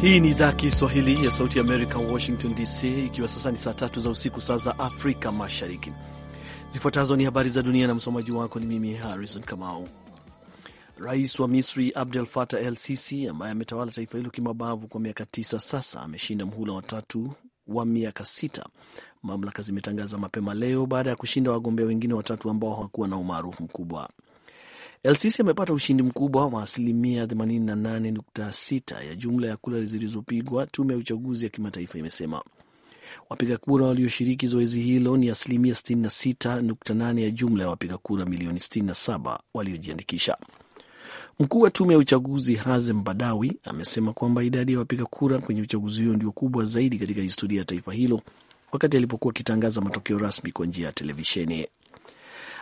Hii ni idhaa Kiswahili ya Sauti ya Amerika, Washington DC, ikiwa sasa ni saa tatu za usiku, saa za Afrika Mashariki. Zifuatazo ni habari za dunia na msomaji wako ni mimi Harrison Kamau. Rais wa Misri Abdel Fattah El Sisi, ambaye ametawala taifa hilo kimabavu kwa miaka tisa sasa, ameshinda mhula watatu wa miaka sita, mamlaka zimetangaza mapema leo, baada ya kushinda wagombea wengine watatu ambao hawakuwa na umaarufu mkubwa. LCC amepata ushindi mkubwa wa asilimia 88.6 ya jumla ya kura zilizopigwa, tume ya uchaguzi ya kimataifa imesema. Wapiga kura walioshiriki zoezi hilo ni asilimia 66.8 ya jumla ya wapiga kura milioni 67 waliojiandikisha. Mkuu wa tume ya uchaguzi Hazem Badawi amesema kwamba idadi ya wapiga kura kwenye uchaguzi huo ndio kubwa zaidi katika historia ya taifa hilo, wakati alipokuwa akitangaza matokeo rasmi kwa njia ya televisheni.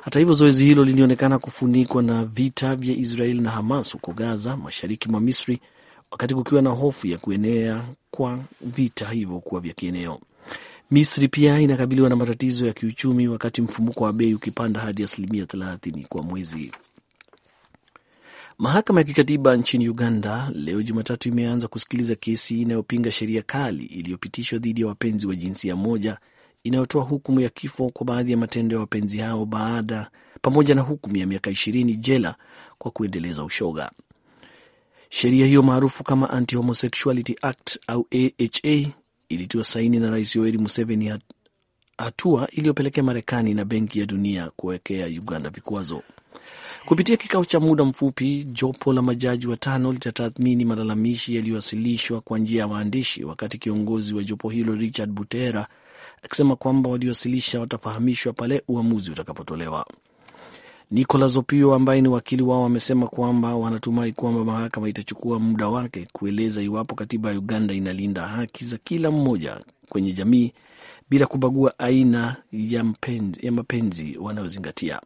Hata hivyo, zoezi hilo lilionekana kufunikwa na vita vya Israel na Hamas huko Gaza, mashariki mwa Misri, wakati kukiwa na hofu ya kuenea kwa vita hivyo kuwa vya kieneo. Misri pia inakabiliwa na matatizo ya kiuchumi, wakati mfumuko wa bei ukipanda hadi asilimia 30 kwa mwezi. Mahakama ya kikatiba nchini Uganda leo Jumatatu imeanza kusikiliza kesi inayopinga sheria kali iliyopitishwa dhidi ya wapenzi wa jinsia moja inayotoa hukumu ya kifo kwa baadhi ya matendo ya wapenzi hao baada pamoja na hukumu ya miaka ishirini jela kwa kuendeleza ushoga. Sheria hiyo maarufu kama Anti-Homosexuality Act au AHA ilitiwa saini na Rais Yoweri Museveni, hatua iliyopelekea Marekani na Benki ya Dunia kuwekea Uganda vikwazo. Kupitia kikao cha muda mfupi, jopo la majaji watano litatathmini malalamishi yaliyowasilishwa kwa njia ya waandishi, wakati kiongozi wa jopo hilo Richard Butera akisema kwamba waliowasilisha watafahamishwa pale uamuzi utakapotolewa. Nicolas Opio ambaye ni wakili wao amesema kwamba wanatumai kwamba mahakama itachukua muda wake kueleza iwapo katiba ya Uganda inalinda haki za kila mmoja kwenye jamii bila kubagua aina ya mapenzi, ya mapenzi wanayozingatia.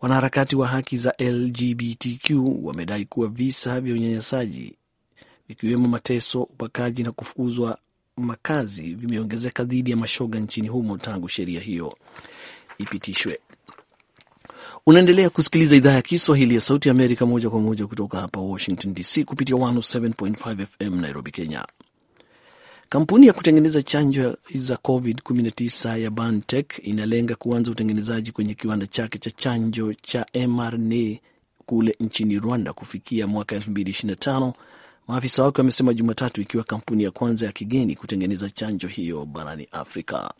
Wanaharakati wa haki za LGBTQ wamedai kuwa visa vya unyanyasaji vikiwemo mateso, ubakaji na kufukuzwa makazi vimeongezeka dhidi ya mashoga nchini humo tangu sheria hiyo ipitishwe. Unaendelea kusikiliza idhaa ya Kiswahili ya Sauti ya Amerika moja kwa moja kutoka hapa Washington DC kupitia 107.5 FM Nairobi, Kenya. Kampuni ya kutengeneza chanjo za COVID-19 ya BioNTech inalenga kuanza utengenezaji kwenye kiwanda chake cha chanjo cha mRNA kule nchini Rwanda kufikia mwaka maafisa wake wamesema Jumatatu, ikiwa kampuni ya kwanza ya kigeni kutengeneza chanjo hiyo barani Afrika.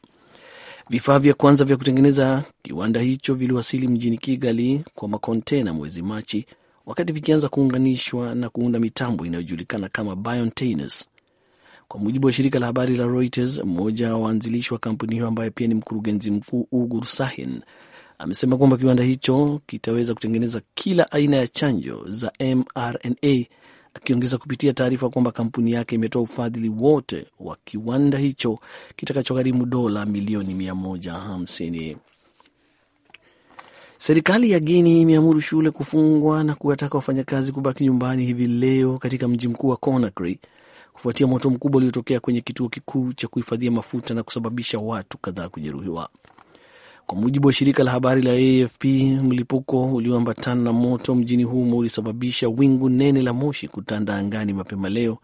Vifaa vya kwanza vya kutengeneza kiwanda hicho viliwasili mjini Kigali kwa makontena mwezi Machi, wakati vikianza kuunganishwa na kuunda mitambo inayojulikana kama biocontainers. Kwa mujibu wa shirika la habari la Reuters, mmoja wa waanzilishi wa kampuni hiyo ambaye pia ni mkurugenzi mkuu Ugur Sahin amesema kwamba kiwanda hicho kitaweza kutengeneza kila aina ya chanjo za mRNA akiongeza kupitia taarifa kwamba kampuni yake imetoa ufadhili wote wa kiwanda hicho kitakachogharimu dola milioni 150. Serikali ya Guini imeamuru shule kufungwa na kuwataka wafanyakazi kubaki nyumbani hivi leo katika mji mkuu wa Conakry kufuatia moto mkubwa uliotokea kwenye kituo kikuu cha kuhifadhia mafuta na kusababisha watu kadhaa kujeruhiwa. Kwa mujibu wa shirika la habari la AFP, mlipuko ulioambatana na moto mjini humo ulisababisha wingu nene la moshi kutanda angani mapema leo,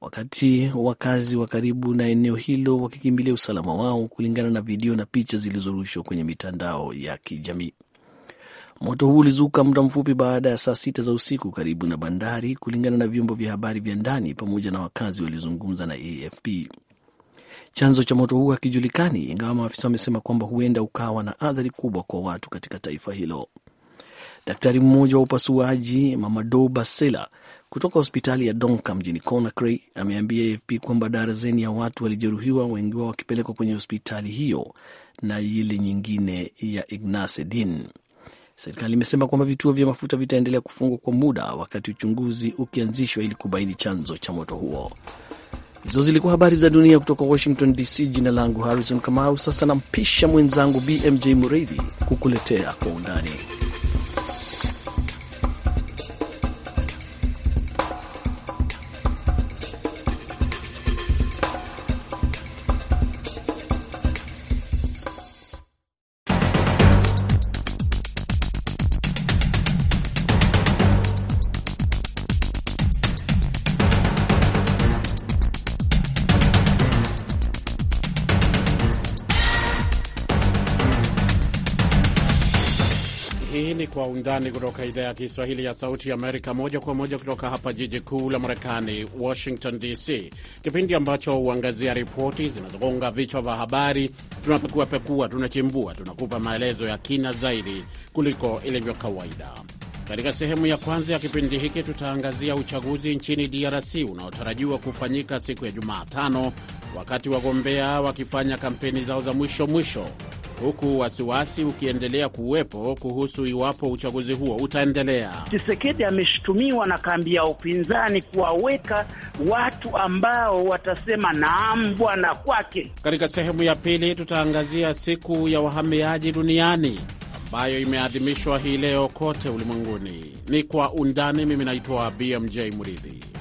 wakati wakazi wa karibu na eneo hilo wakikimbilia usalama wao, kulingana na video na picha zilizorushwa kwenye mitandao ya kijamii. Moto huu ulizuka muda mfupi baada ya saa sita za usiku karibu na bandari, kulingana na vyombo vya habari vya ndani pamoja na wakazi waliozungumza na AFP. Chanzo cha moto huo hakijulikani, ingawa maafisa wamesema kwamba huenda ukawa na athari kubwa kwa watu katika taifa hilo. Daktari mmoja wa upasuaji Mamadou Basela kutoka hospitali ya Donka mjini Conakry ameambia AFP kwamba darazeni ya watu walijeruhiwa, wengi wao wakipelekwa kwenye hospitali hiyo na ile nyingine ya Ignace Din. Serikali imesema kwamba vituo vya mafuta vitaendelea kufungwa kwa muda wakati uchunguzi ukianzishwa ili kubaini chanzo cha moto huo. Hizo zilikuwa habari za dunia kutoka Washington DC. Jina langu Harrison Kamau. Sasa nampisha mwenzangu BMJ Mureithi kukuletea kwa undani Undani kutoka idhaa ya Kiswahili ya Sauti ya Amerika, moja kwa moja kutoka hapa jiji kuu la Marekani, Washington DC, kipindi ambacho huangazia ripoti zinazogonga vichwa vya habari. Tunapekuapekua, tunachimbua, tunakupa maelezo ya kina zaidi kuliko ilivyo kawaida. Katika sehemu ya kwanza ya kipindi hiki tutaangazia uchaguzi nchini DRC unaotarajiwa kufanyika siku ya jumaatano wakati wagombea wakifanya kampeni zao za mwisho mwisho huku wasiwasi ukiendelea kuwepo kuhusu iwapo uchaguzi huo utaendelea. Chisekedi ameshutumiwa na kambi ya upinzani kuwaweka watu ambao watasema naam bwana kwake. Katika sehemu ya pili, tutaangazia siku ya wahamiaji duniani ambayo imeadhimishwa hii leo kote ulimwenguni. Ni kwa undani. Mimi naitwa BMJ Muridhi.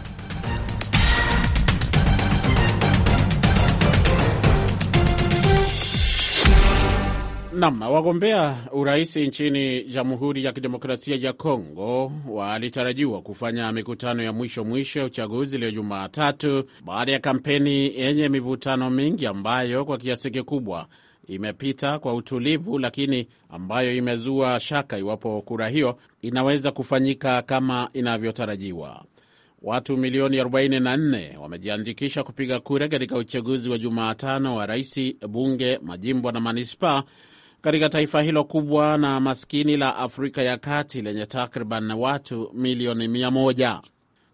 Nam, wagombea urais nchini Jamhuri ya Kidemokrasia ya Kongo walitarajiwa kufanya mikutano ya mwisho mwisho ya uchaguzi leo Jumatatu, baada ya kampeni yenye mivutano mingi ambayo kwa kiasi kikubwa imepita kwa utulivu, lakini ambayo imezua shaka iwapo kura hiyo inaweza kufanyika kama inavyotarajiwa. Watu milioni 44 wamejiandikisha kupiga kura katika uchaguzi wa Jumatano wa rais, bunge, majimbo na manispaa katika taifa hilo kubwa na maskini la Afrika ya Kati lenye takriban watu milioni mia moja.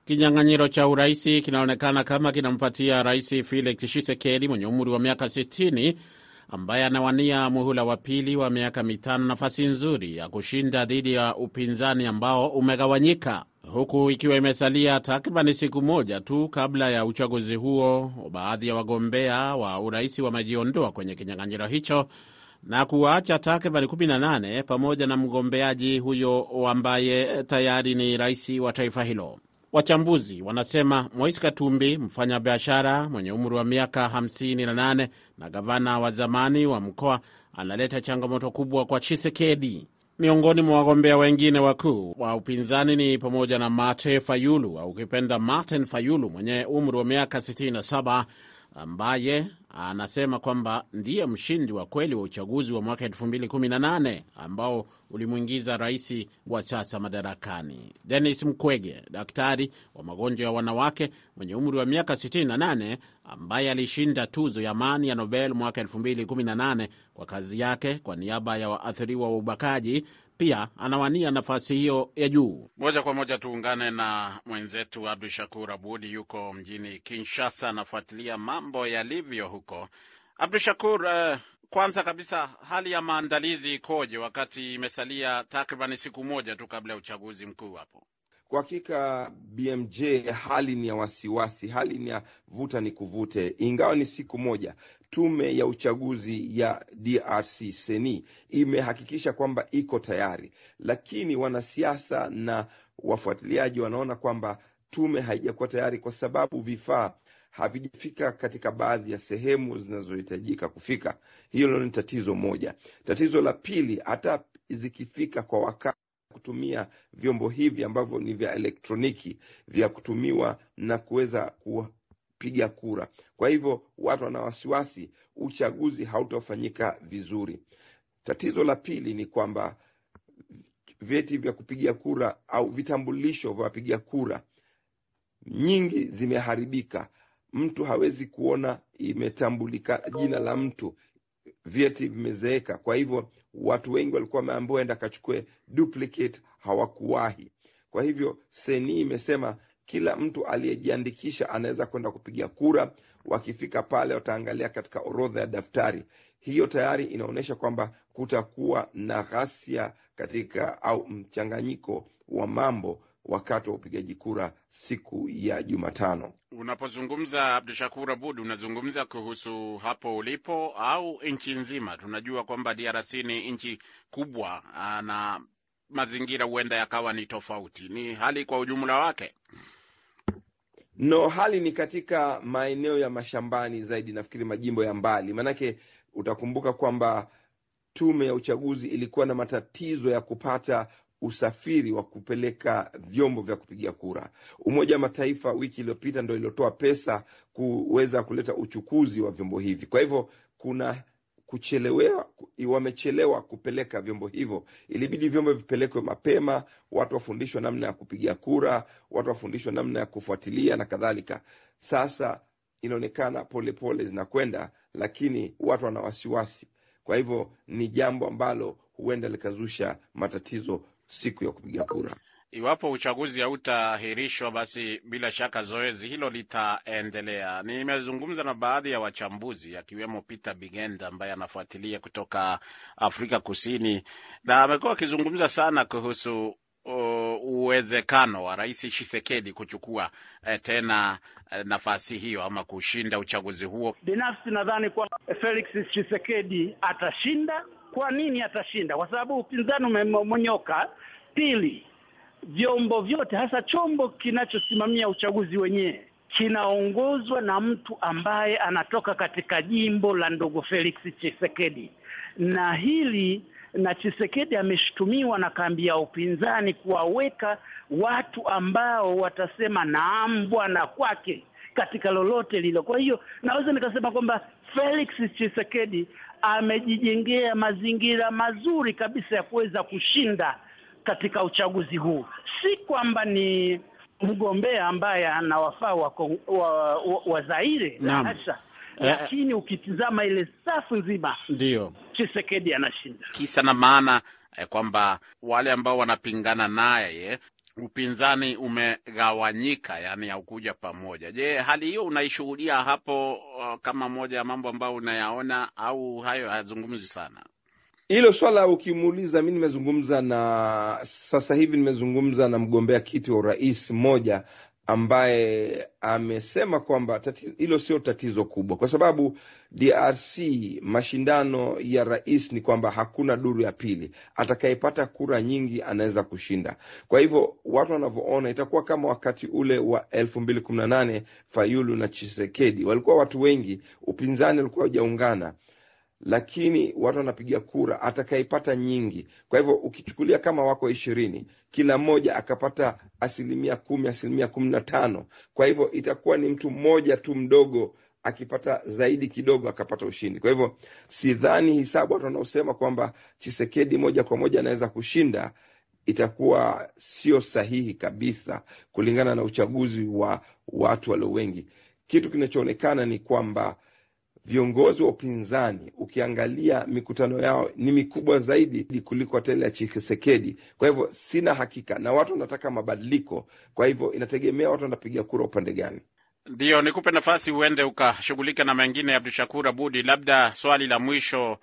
Kinyang'anyiro cha uraisi kinaonekana kama kinampatia Rais Felix Tshisekedi mwenye umri wa miaka 60 ambaye anawania muhula wa pili wa miaka mitano nafasi nzuri ya kushinda dhidi ya upinzani ambao umegawanyika, huku ikiwa imesalia takriban siku moja tu kabla ya uchaguzi huo. Baadhi ya wagombea wa urais wamejiondoa kwenye kinyang'anyiro hicho na kuwaacha takribani 18 pamoja na mgombeaji huyo ambaye tayari ni rais wa taifa hilo. Wachambuzi wanasema Moise Katumbi, mfanyabiashara mwenye umri wa miaka 58 na gavana wa zamani wa mkoa, analeta changamoto kubwa kwa Chisekedi. Miongoni mwa wagombea wengine wakuu wa upinzani ni pamoja na Mate Fayulu au ukipenda Martin Fayulu mwenye umri wa miaka 67 ambaye anasema kwamba ndiye mshindi wa kweli wa uchaguzi wa mwaka 2018 ambao ulimwingiza rais wa sasa madarakani. Denis Mkwege, daktari wa magonjwa ya wanawake mwenye umri wa miaka 68, ambaye alishinda tuzo ya amani ya Nobel mwaka 2018 kwa kazi yake kwa niaba ya waathiriwa wa ubakaji pia anawania nafasi hiyo ya juu. Moja kwa moja tuungane na mwenzetu Abdu Shakur Abudi, yuko mjini Kinshasa, anafuatilia mambo yalivyo huko. Abdu Shakur, uh, kwanza kabisa hali ya maandalizi ikoje, wakati imesalia takribani siku moja tu kabla ya uchaguzi mkuu hapo? Kwa hakika BMJ, hali ni ya wasiwasi, hali ni ya vuta ni kuvute. Ingawa ni siku moja, tume ya uchaguzi ya DRC seni imehakikisha kwamba iko tayari, lakini wanasiasa na wafuatiliaji wanaona kwamba tume haijakuwa tayari kwa sababu vifaa havijafika katika baadhi ya sehemu zinazohitajika kufika. Hilo ni tatizo moja. Tatizo la pili, hata zikifika kwa wakati kutumia vyombo hivi ambavyo ni vya elektroniki vya kutumiwa na kuweza kupiga kura. Kwa hivyo watu wana wasiwasi uchaguzi hautafanyika vizuri. Tatizo la pili ni kwamba vyeti vya kupiga kura au vitambulisho vya wapiga kura nyingi zimeharibika. Mtu hawezi kuona imetambulika jina la mtu vyeti vimezeeka. Kwa hivyo watu wengi walikuwa wameambiwa enda akachukue duplicate, hawakuwahi. Kwa hivyo seni imesema kila mtu aliyejiandikisha anaweza kwenda kupiga kura. Wakifika pale, wataangalia katika orodha ya daftari. Hiyo tayari inaonyesha kwamba kutakuwa na ghasia katika au mchanganyiko wa mambo wakati wa upigaji kura siku ya Jumatano. Unapozungumza Shakur Abud, unazungumza kuhusu hapo ulipo au nchi nzima? Tunajua kwamba DRC ni nchi kubwa na mazingira huenda yakawa ni tofauti. Ni hali kwa ujumla wake No, hali ni katika maeneo ya mashambani zaidi, nafikiri majimbo ya mbali. Maanake utakumbuka kwamba tume ya uchaguzi ilikuwa na matatizo ya kupata usafiri wa kupeleka vyombo vya kupigia kura. Umoja wa Mataifa wiki iliyopita ndo iliotoa pesa kuweza kuleta uchukuzi wa vyombo hivi. Kwa hivyo kuna kuchelewa, wamechelewa kupeleka vyombo hivyo. Ilibidi vyombo vipelekwe mapema, watu wafundishwe namna ya kupiga kura, watu wafundishwe namna ya kufuatilia na kadhalika. Sasa inaonekana polepole zinakwenda, lakini watu wana wasiwasi. Kwa hivyo ni jambo ambalo huenda likazusha matatizo siku ya kupiga kura. Iwapo uchaguzi hautaahirishwa, basi bila shaka zoezi hilo litaendelea. Nimezungumza na baadhi ya wachambuzi akiwemo Peter Bigenda ambaye anafuatilia kutoka Afrika Kusini, na amekuwa akizungumza sana kuhusu uwezekano wa Rais Tshisekedi kuchukua eh, tena eh, nafasi hiyo ama kushinda uchaguzi huo. Binafsi nadhani kwamba Felix Tshisekedi atashinda kwa nini atashinda? Kwa sababu upinzani umemonyoka. Pili, vyombo vyote hasa chombo kinachosimamia uchaguzi wenyewe kinaongozwa na mtu ambaye anatoka katika jimbo la ndogo Felix Chisekedi, na hili na Chisekedi ameshutumiwa na kambi ya upinzani kuwaweka watu ambao watasema naam bwana kwake katika lolote lilo. Kwa hiyo naweza nikasema kwamba Felix Tshisekedi amejijengea mazingira mazuri kabisa ya kuweza kushinda katika uchaguzi huu, si kwamba ni mgombea ambaye anawafaa wa, wa, wa, wa Zaire hasha eh, eh. lakini ukitizama ile safu nzima ndio Chisekedi anashinda. Kisa na maana eh, kwamba wale ambao wanapingana naye eh, upinzani umegawanyika, yaani haukuja pamoja. Je, hali hiyo unaishuhudia hapo uh, kama moja ya mambo ambayo unayaona au hayo hayazungumzi sana? Hilo swala ukimuuliza, mi nimezungumza na sasa hivi nimezungumza na mgombea kiti wa urais mmoja ambaye amesema kwamba hilo sio tatizo kubwa, kwa sababu DRC mashindano ya rais ni kwamba hakuna duru ya pili. Atakayepata kura nyingi anaweza kushinda. Kwa hivyo watu wanavyoona itakuwa kama wakati ule wa elfu mbili kumi na nane Fayulu na Chisekedi, walikuwa watu wengi, upinzani ulikuwa ujaungana lakini watu wanapiga kura atakayepata nyingi. Kwa hivyo ukichukulia kama wako ishirini, kila mmoja akapata asilimia kumi, asilimia kumi na tano, kwa hivyo itakuwa ni mtu mmoja tu mdogo akipata zaidi kidogo akapata ushindi. Kwa hivyo sidhani hisabu watu wanaosema kwamba Chisekedi moja kwa moja anaweza kushinda itakuwa sio sahihi kabisa, kulingana na uchaguzi wa watu walio wengi. Kitu kinachoonekana ni kwamba viongozi wa upinzani ukiangalia mikutano yao ni mikubwa zaidi kuliko hata ile ya Chisekedi. Kwa hivyo sina hakika, na watu wanataka mabadiliko, kwa hivyo inategemea watu wanapiga kura upande gani. Ndio nikupe nafasi uende ukashughulika na mengine, Abdushakur Abudi. Labda swali la mwisho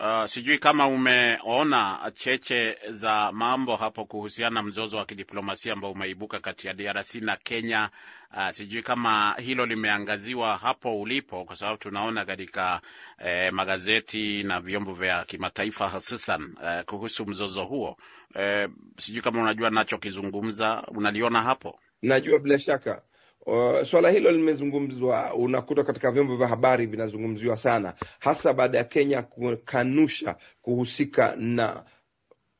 Uh, sijui kama umeona cheche za mambo hapo kuhusiana na mzozo wa kidiplomasia ambao umeibuka kati ya DRC na Kenya. Uh, sijui kama hilo limeangaziwa hapo ulipo, kwa sababu tunaona katika eh, magazeti na vyombo vya kimataifa hususan eh, kuhusu mzozo huo eh, sijui kama unajua nachokizungumza, unaliona hapo? Najua bila shaka Uh, swala hilo limezungumzwa, unakuta katika vyombo vya habari vinazungumziwa sana, hasa baada ya Kenya kukanusha kuhusika na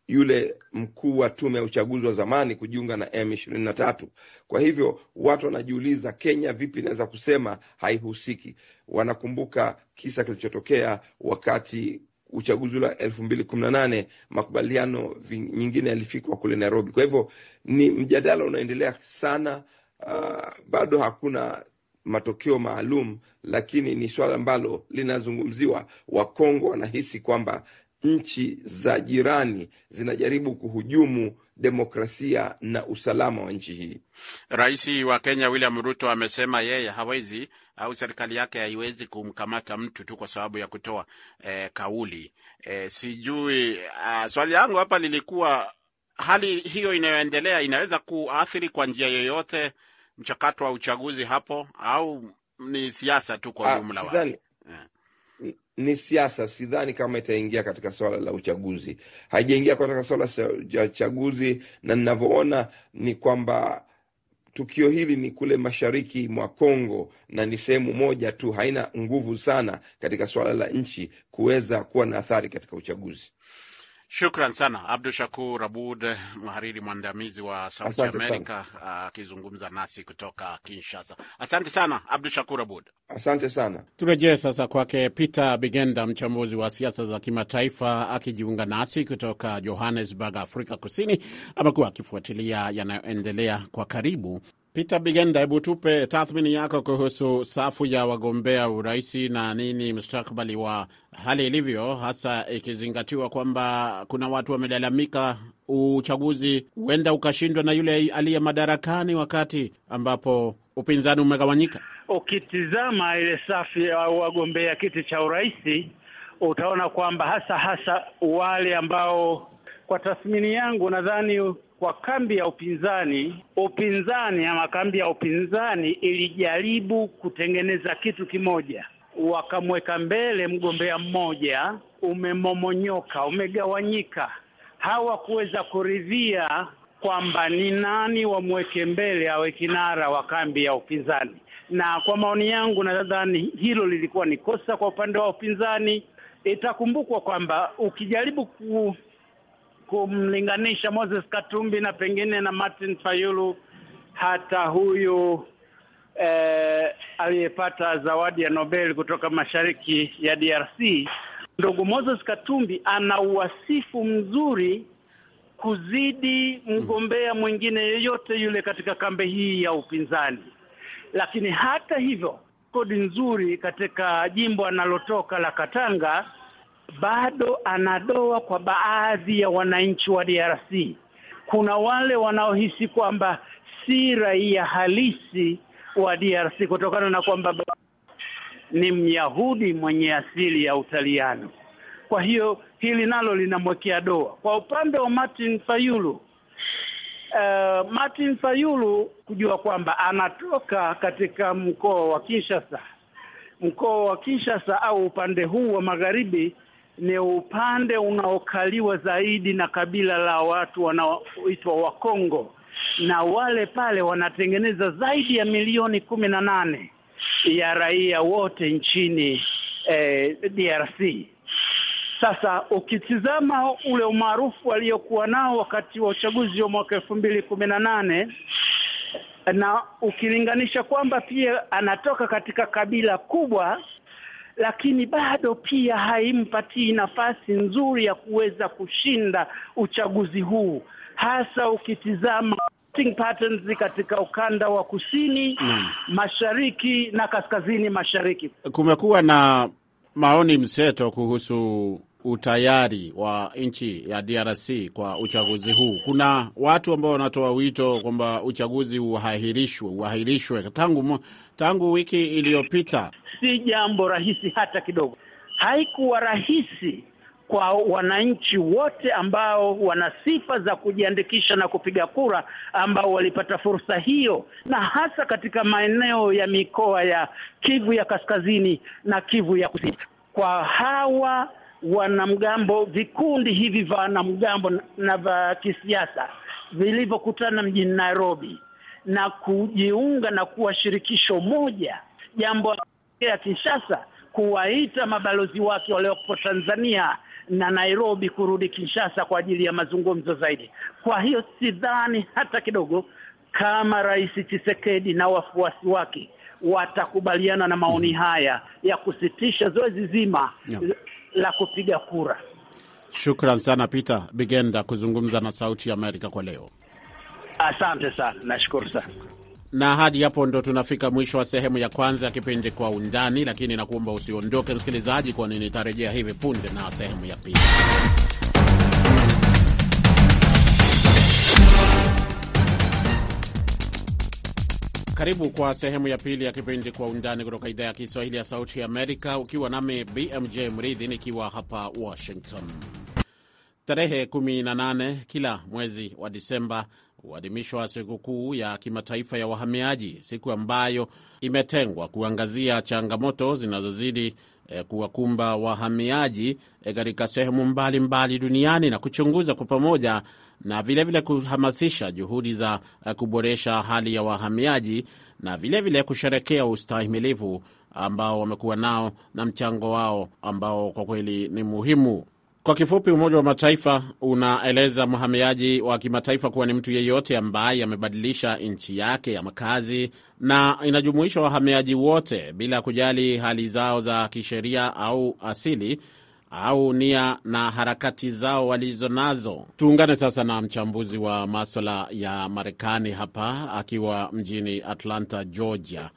yule mkuu wa tume ya uchaguzi wa zamani kujiunga na M23. Kwa hivyo watu wanajiuliza Kenya vipi inaweza kusema haihusiki? Wanakumbuka kisa kilichotokea wakati uchaguzi wa elfu mbili kumi na nane makubaliano nyingine yalifikwa kule Nairobi. Kwa hivyo ni mjadala unaendelea sana Ah, bado hakuna matokeo maalum, lakini ni swala ambalo linazungumziwa. Wakongo wanahisi kwamba nchi za jirani zinajaribu kuhujumu demokrasia na usalama wa nchi hii. Rais wa Kenya William Ruto amesema yeye hawezi au serikali yake haiwezi kumkamata mtu tu kwa sababu ya kutoa eh, kauli eh, sijui. Uh, swali langu hapa lilikuwa hali hiyo inayoendelea inaweza kuathiri kwa njia yoyote mchakato wa uchaguzi hapo, au ni siasa tu kwa ah, jumla wake? Eh. Ni siasa. Sidhani kama itaingia katika swala la uchaguzi, haijaingia katika swala la uchaguzi, na ninavyoona ni kwamba tukio hili ni kule mashariki mwa Kongo na ni sehemu moja tu, haina nguvu sana katika swala la nchi kuweza kuwa na athari katika uchaguzi. Shukran sana Abdu Shakur Abud, mhariri mwandamizi wa Sauti Amerika akizungumza nasi kutoka Kinshasa. Asante sana Abdu Shakur Abud, asante sana. Turejee sasa kwake Peter Bigenda, mchambuzi wa siasa za kimataifa akijiunga nasi kutoka Johannesburg, Afrika Kusini. Amekuwa akifuatilia yanayoendelea kwa karibu Peter Bigenda, hebu tupe tathmini yako kuhusu safu ya wagombea uraisi na nini mustakabali wa hali ilivyo, hasa ikizingatiwa kwamba kuna watu wamelalamika uchaguzi huenda ukashindwa na yule aliye madarakani, wakati ambapo upinzani umegawanyika. Ukitizama ile safu ya wagombea kiti cha uraisi, utaona kwamba hasa hasa wale ambao kwa tathmini yangu nadhani kwa kambi ya upinzani, upinzani ama kambi ya upinzani ilijaribu kutengeneza kitu kimoja, wakamweka mbele mgombea mmoja, umemomonyoka, umegawanyika, hawakuweza kuridhia kwamba ni nani wamweke mbele awe kinara wa kambi ya upinzani. Na kwa maoni yangu, nadhani hilo lilikuwa ni kosa kwa upande wa upinzani. Itakumbukwa kwamba ukijaribu ku kumlinganisha Moses Katumbi na pengine na Martin Fayulu hata huyu eh, aliyepata zawadi ya Nobel kutoka mashariki ya DRC ndugu Moses Katumbi ana uwasifu mzuri kuzidi mgombea mwingine yeyote yule katika kambi hii ya upinzani. Lakini hata hivyo, kodi nzuri katika jimbo analotoka la Katanga bado anadoa kwa baadhi ya wananchi wa DRC. Kuna wale wanaohisi kwamba si raia halisi wa DRC kutokana na kwamba ni Myahudi mwenye asili ya Utaliano. Kwa hiyo hili nalo linamwekea doa. Kwa upande wa Martin Fayulu, uh, Martin Fayulu kujua kwamba anatoka katika mkoa wa Kinshasa. Mkoa wa Kinshasa au upande huu wa magharibi ni upande unaokaliwa zaidi na kabila la watu wanaoitwa Wakongo, na wale pale wanatengeneza zaidi ya milioni kumi na nane ya raia wote nchini eh, DRC. Sasa ukitizama ule umaarufu waliokuwa nao wakati wa uchaguzi wa mwaka elfu mbili kumi na nane na ukilinganisha kwamba pia anatoka katika kabila kubwa lakini bado pia haimpatii nafasi nzuri ya kuweza kushinda uchaguzi huu, hasa ukitizama patterns katika ukanda wa kusini mm, mashariki na kaskazini mashariki. Kumekuwa na maoni mseto kuhusu utayari wa nchi ya DRC kwa uchaguzi huu. Kuna watu ambao wanatoa wito kwamba uchaguzi uahirishwe uahirishwe tangu, tangu wiki iliyopita si jambo rahisi hata kidogo. Haikuwa rahisi kwa wananchi wote ambao wana sifa za kujiandikisha na kupiga kura ambao walipata fursa hiyo, na hasa katika maeneo ya mikoa ya Kivu ya Kaskazini na Kivu ya Kusini. Kwa hawa wanamgambo, vikundi hivi vya wanamgambo na vya kisiasa vilivyokutana mjini Nairobi na kujiunga na kuwa shirikisho moja, jambo ya Kinshasa kuwaita mabalozi wake waliopo Tanzania na Nairobi kurudi Kinshasa kwa ajili ya mazungumzo zaidi. Kwa hiyo sidhani hata kidogo kama Rais Tshisekedi na wafuasi wake watakubaliana na maoni mm-hmm. haya ya kusitisha zoezi zima yeah, la kupiga kura. Shukran sana Peter Bigenda kuzungumza na Sauti ya Amerika kwa leo. Asante sana, nashukuru sana na hadi hapo ndo tunafika mwisho wa sehemu ya kwanza ya kipindi Kwa Undani, lakini nakuomba usiondoke msikilizaji, kwani nitarejea hivi punde na sehemu ya pili. Karibu kwa sehemu ya pili ya kipindi Kwa Undani kutoka idhaa ya Kiswahili ya Sauti ya Amerika, ukiwa nami BMJ Mridhi nikiwa hapa Washington. Tarehe 18 kila mwezi wa Disemba kuadhimishwa sikukuu ya kimataifa ya wahamiaji, siku ambayo imetengwa kuangazia changamoto zinazozidi e, kuwakumba wahamiaji eh, katika e, sehemu mbalimbali duniani na kuchunguza kwa pamoja na vilevile vile kuhamasisha juhudi za eh, kuboresha hali ya wahamiaji na vilevile vile kusherekea ustahimilivu ambao wamekuwa nao na mchango wao ambao kwa kweli ni muhimu. Kwa kifupi, Umoja wa Mataifa unaeleza mhamiaji wa kimataifa kuwa ni mtu yeyote ambaye amebadilisha nchi yake ya makazi na inajumuisha wahamiaji wote bila kujali hali zao za kisheria au asili au nia na harakati zao walizonazo. Tuungane sasa na mchambuzi wa maswala ya Marekani hapa akiwa mjini Atlanta, Georgia,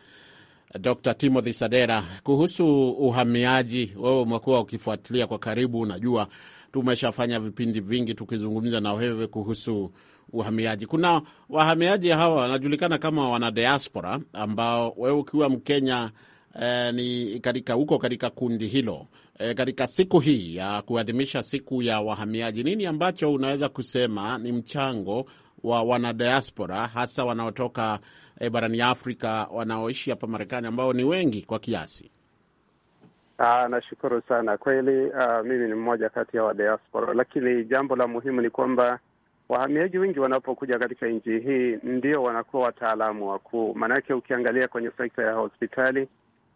Dr. Timothy Sadera, kuhusu uhamiaji, wewe umekuwa ukifuatilia kwa karibu. Unajua tumeshafanya vipindi vingi tukizungumza na wewe kuhusu uhamiaji. Kuna wahamiaji hawa wanajulikana kama wanadiaspora, ambao wewe ukiwa Mkenya eh, ni katika huko katika kundi hilo. E, katika siku hii ya kuadhimisha siku ya wahamiaji, nini ambacho unaweza kusema ni mchango wa wanadiaspora hasa wanaotoka e, barani Afrika wanaoishi hapa Marekani ambao ni wengi kwa kiasi? Aa, ah, nashukuru sana kweli. Aa, ah, mimi ni mmoja kati ya wadiaspora, lakini jambo la muhimu ni kwamba wahamiaji wengi wanapokuja katika nchi hii ndio wanakuwa wataalamu wakuu. Maanake ukiangalia kwenye sekta ya hospitali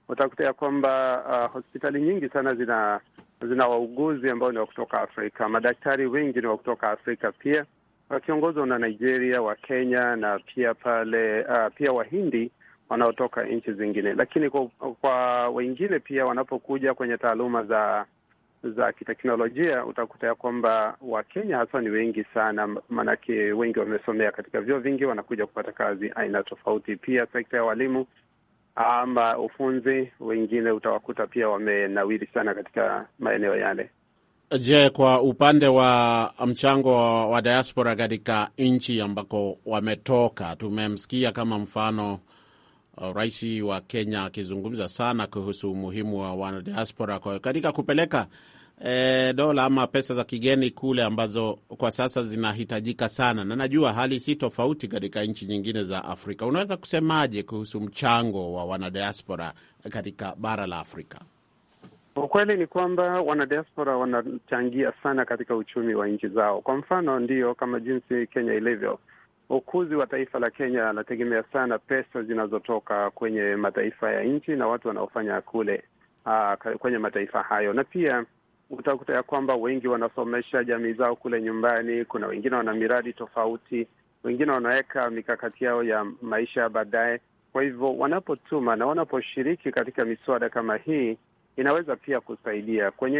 utakuta ya kwamba uh, hospitali nyingi sana zina zina wauguzi ambao ni wa kutoka Afrika, madaktari wengi ni wa kutoka Afrika pia wakiongozwa na Nigeria, wa Kenya na pia pale uh, pia Wahindi wanaotoka nchi zingine, lakini kwa, kwa wengine pia wanapokuja kwenye taaluma za za kiteknolojia utakuta ya kwamba Wakenya haswa ni wengi sana, maanake wengi wamesomea katika vyuo vingi, wanakuja kupata kazi aina tofauti. Pia sekta ya walimu ama ufunzi, wengine utawakuta pia wamenawiri sana katika maeneo yale. Je, kwa upande wa mchango wa diaspora katika nchi ambako wametoka, tumemsikia kama mfano uh, rais wa Kenya akizungumza sana kuhusu umuhimu wa wanadiaspora katika kupeleka e, dola ama pesa za kigeni kule ambazo kwa sasa zinahitajika sana, na najua hali si tofauti katika nchi nyingine za Afrika. Unaweza kusemaje kuhusu mchango wa wanadiaspora katika bara la Afrika? Ukweli ni kwamba wanadiaspora wanachangia sana katika uchumi wa nchi zao. Kwa mfano, ndio kama jinsi Kenya ilivyo, ukuzi wa taifa la Kenya anategemea sana pesa zinazotoka kwenye mataifa ya nchi na watu wanaofanya kule aa, ah, kwenye mataifa hayo, na pia utakuta ya kwamba wengi wanasomesha jamii zao kule nyumbani. Kuna wengine wana miradi tofauti, wengine wanaweka mikakati yao ya maisha ya baadaye. Kwa hivyo wanapotuma na wanaposhiriki katika miswada kama hii inaweza pia kusaidia. Kwenye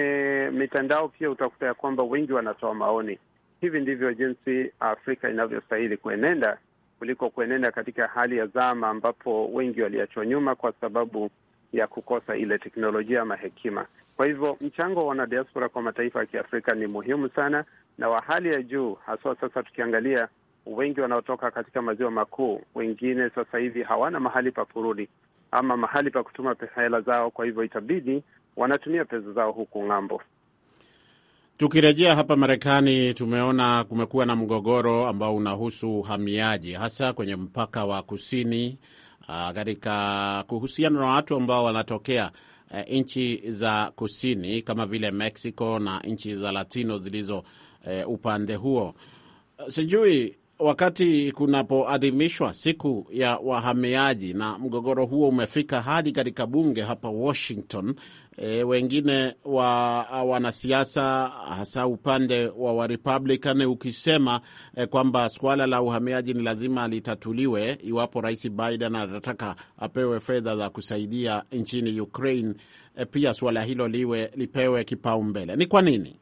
mitandao pia utakuta ya kwamba wengi wanatoa maoni. Hivi ndivyo jinsi Afrika inavyostahili kuenenda kuliko kuenenda katika hali ya zama ambapo wengi waliachwa nyuma kwa sababu ya kukosa ile teknolojia ama hekima. Kwa hivyo mchango wa wanadiaspora kwa mataifa ya Kiafrika ni muhimu sana na wa hali ya juu, haswa sasa tukiangalia wengi wanaotoka katika maziwa makuu, wengine sasa hivi hawana mahali pa kurudi ama mahali pa kutuma pesa hela zao, kwa hivyo itabidi wanatumia pesa zao huku ng'ambo. Tukirejea hapa Marekani, tumeona kumekuwa na mgogoro ambao unahusu uhamiaji, hasa kwenye mpaka wa kusini ah, katika kuhusiana na watu ambao wanatokea e, nchi za kusini kama vile Mexico na nchi za Latino zilizo e, upande huo. Sijui wakati kunapoadhimishwa siku ya wahamiaji na mgogoro huo umefika hadi katika bunge hapa Washington. E, wengine wa wanasiasa hasa upande wa Warepublican ukisema e, kwamba suala la uhamiaji ni lazima litatuliwe iwapo Rais Biden anataka apewe fedha za kusaidia nchini Ukraine. E, pia suala hilo liwe lipewe kipaumbele. Ni kwa nini?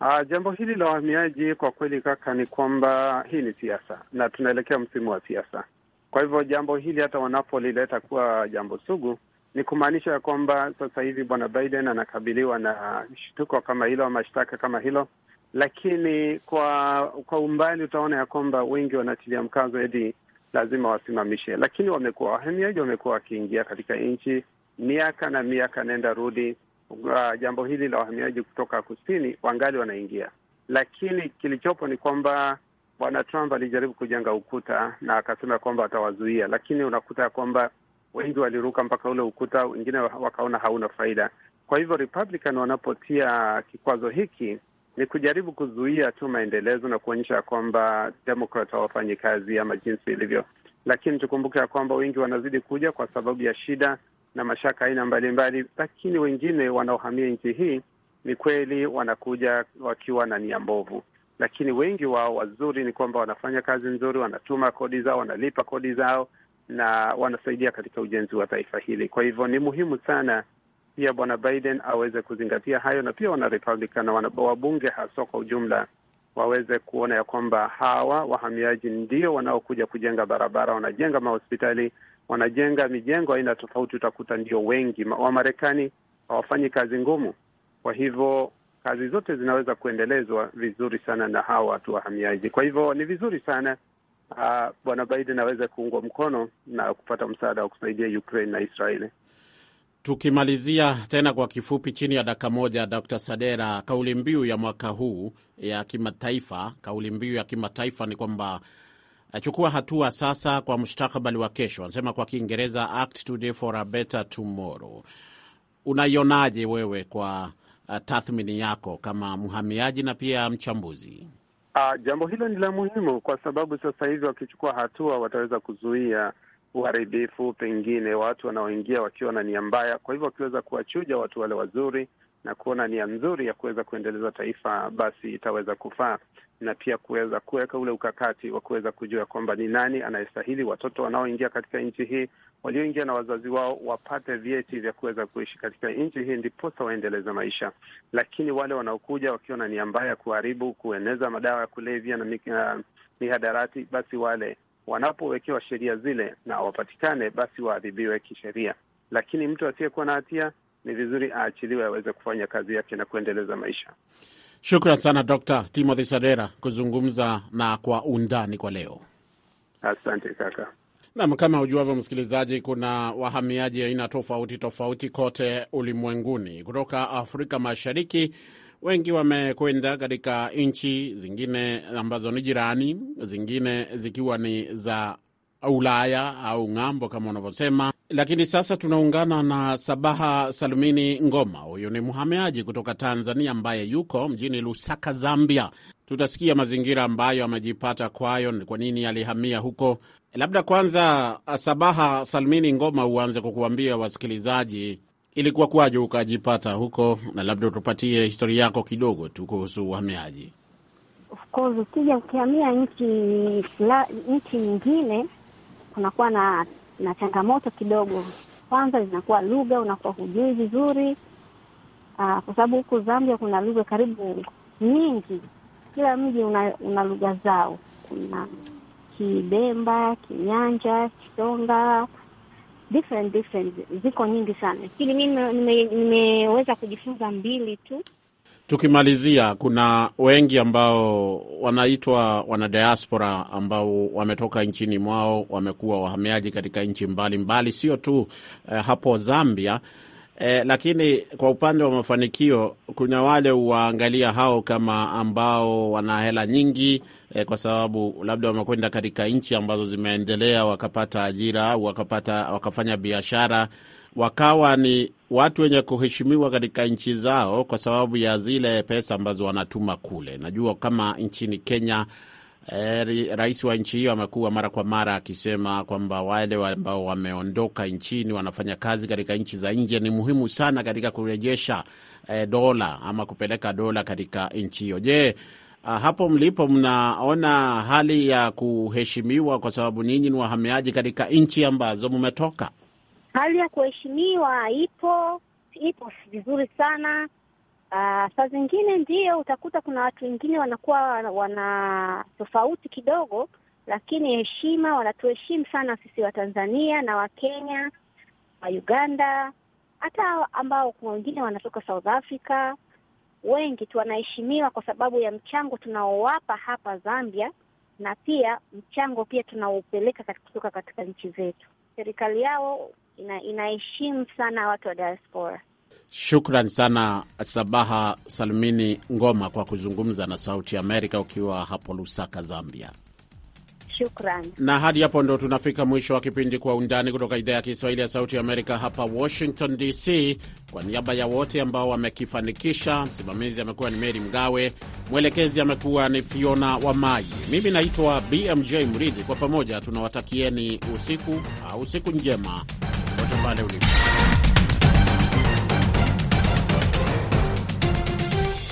Uh, jambo hili la wahamiaji kwa kweli kaka, ni kwamba hii ni siasa na tunaelekea msimu wa siasa. Kwa hivyo jambo hili hata wanapolileta kuwa jambo sugu, ni kumaanisha ya kwamba sasa hivi bwana Biden anakabiliwa na shtuko kama hilo au mashtaka kama hilo, lakini kwa kwa umbali utaona ya kwamba wengi wanatilia mkazo edi lazima wasimamishe, lakini wamekuwa wahamiaji wamekuwa wakiingia katika nchi miaka na miaka, nenda rudi uh, jambo hili la wahamiaji kutoka kusini wangali wanaingia, lakini kilichopo ni kwamba bwana Trump alijaribu kujenga ukuta na akasema kwamba atawazuia, lakini unakuta ya kwamba wengi waliruka mpaka ule ukuta, wengine wakaona hauna faida. Kwa hivyo Republican wanapotia kikwazo hiki ni kujaribu kuzuia tu maendelezo na kuonyesha ya kwamba Demokrat hawafanyi kazi ama jinsi ilivyo, lakini tukumbuke ya kwamba wengi wanazidi kuja kwa sababu ya shida na mashaka aina mbalimbali, lakini wengine wanaohamia nchi hii ni kweli wanakuja wakiwa na nia mbovu, lakini wengi wao wazuri ni kwamba wanafanya kazi nzuri, wanatuma kodi zao, wanalipa kodi zao na wanasaidia katika ujenzi wa taifa hili. Kwa hivyo ni muhimu sana pia Bwana Biden aweze kuzingatia hayo, na pia wana na wabunge haswa kwa ujumla waweze kuona ya kwamba hawa wahamiaji ndio wanaokuja kujenga barabara, wanajenga mahospitali wanajenga mijengo aina tofauti, utakuta ndio wengi Wamarekani hawafanyi kazi ngumu. Kwa hivyo kazi zote zinaweza kuendelezwa vizuri sana na hawa watu wahamiaji. Kwa hivyo ni vizuri sana uh, bwana Biden aweze kuungwa mkono na kupata msaada wa kusaidia Ukraine na Israeli. Tukimalizia tena kwa kifupi, chini ya dakika moja, Dr. Sadera, kauli mbiu ya mwaka huu ya kimataifa, kauli mbiu ya kimataifa ni kwamba Chukua hatua sasa kwa mustakabali wa kesho, anasema kwa Kiingereza, act today for a better tomorrow. Unaionaje wewe kwa uh, tathmini yako kama mhamiaji na pia mchambuzi? Uh, jambo hilo ni la muhimu kwa sababu sasa hivi wakichukua hatua wataweza kuzuia uharibifu, pengine watu wanaoingia wakiwa na nia mbaya. Kwa hivyo wakiweza kuwachuja watu wale wazuri na kuona nia nzuri ya kuweza kuendeleza taifa, basi itaweza kufaa na pia kuweza kuweka ule ukakati wa kuweza kujua kwamba ni nani anayestahili. Watoto wanaoingia katika nchi hii walioingia na wazazi wao wapate vyeti vya kuweza kuishi katika nchi hii, ndiposa waendeleze maisha. Lakini wale wanaokuja wakiwa na nia mbaya ya kuharibu, kueneza madawa ya kulevya na mihadarati, basi wale wanapowekewa sheria zile na wapatikane, basi waadhibiwe kisheria. Lakini mtu asiyekuwa na hatia ni vizuri aachiliwe ah, aweze kufanya kazi yake na kuendeleza maisha. Shukran sana Dr. Timothy Sadera kuzungumza na kwa undani kwa leo. Asante kaka. Nam, kama ujuavyo msikilizaji, kuna wahamiaji aina tofauti tofauti kote ulimwenguni. Kutoka Afrika Mashariki wengi wamekwenda katika nchi zingine ambazo ni jirani, zingine zikiwa ni za Ulaya au ng'ambo kama unavyosema. Lakini sasa tunaungana na Sabaha Salumini Ngoma. Huyu ni mhamiaji kutoka Tanzania ambaye yuko mjini Lusaka, Zambia. Tutasikia mazingira ambayo amejipata kwayo, kwa nini alihamia huko. Labda kwanza, Sabaha Salmini Ngoma, uanze kuambia wasikilizaji ilikuwa kwaje ukajipata huko, na labda utupatie historia yako kidogo tu kuhusu uhamiaji. Of course ukija ukihamia nchi nchi nyingine kunakuwa na na changamoto kidogo. Kwanza zinakuwa lugha, unakuwa hujui vizuri, ah, kwa sababu huku Zambia kuna lugha karibu nyingi, kila mji una, una lugha zao. Kuna Kibemba, Kinyanja, Kitonga, different different, ziko nyingi sana, lakini mi nimeweza kujifunza mbili tu. Tukimalizia, kuna wengi ambao wanaitwa wanadiaspora ambao wametoka nchini mwao, wamekuwa wahamiaji katika nchi mbalimbali, sio tu eh, hapo Zambia. Eh, lakini kwa upande wa mafanikio kuna wale huwaangalia hao kama ambao wana hela nyingi eh, kwa sababu labda wamekwenda katika nchi ambazo zimeendelea wakapata ajira au wakapata wakafanya biashara wakawa ni watu wenye kuheshimiwa katika nchi zao kwa sababu ya zile pesa ambazo wanatuma kule. Najua kama nchini Kenya eh, rais wa nchi hiyo amekuwa mara kwa mara akisema kwamba wale ambao wameondoka nchini wanafanya kazi katika nchi za nje ni muhimu sana katika kurejesha eh, dola ama kupeleka dola katika nchi hiyo. Je, ah, hapo mlipo mnaona hali ya kuheshimiwa kwa sababu ninyi ni wahamiaji katika nchi ambazo mmetoka? Hali ya kuheshimiwa ipo ipo vizuri sana. Uh, saa zingine ndio utakuta kuna watu wengine wanakuwa wana tofauti kidogo, lakini heshima, wanatuheshimu sana sisi Watanzania na Wakenya wa Uganda, hata ambao kuna wengine wanatoka South Africa. Wengi tu wanaheshimiwa kwa sababu ya mchango tunaowapa hapa Zambia, na pia mchango pia tunaopeleka kutoka katika nchi zetu. Serikali yao ina, inaheshimu sana watu wa diaspora. Shukran sana Sabaha Salmini Ngoma kwa kuzungumza na Sauti Amerika ukiwa hapo Lusaka, Zambia. Shukran. Na hadi hapo ndo tunafika mwisho wa kipindi Kwa Undani kutoka idhaa ya Kiswahili ya Sauti ya Amerika hapa Washington DC. Kwa niaba ya wote ambao wamekifanikisha, msimamizi amekuwa ni Meri Mgawe, mwelekezi amekuwa ni Fiona wa Maji, mimi naitwa BMJ Mridhi. Kwa pamoja tunawatakieni usiku au siku njema. topar Euribor.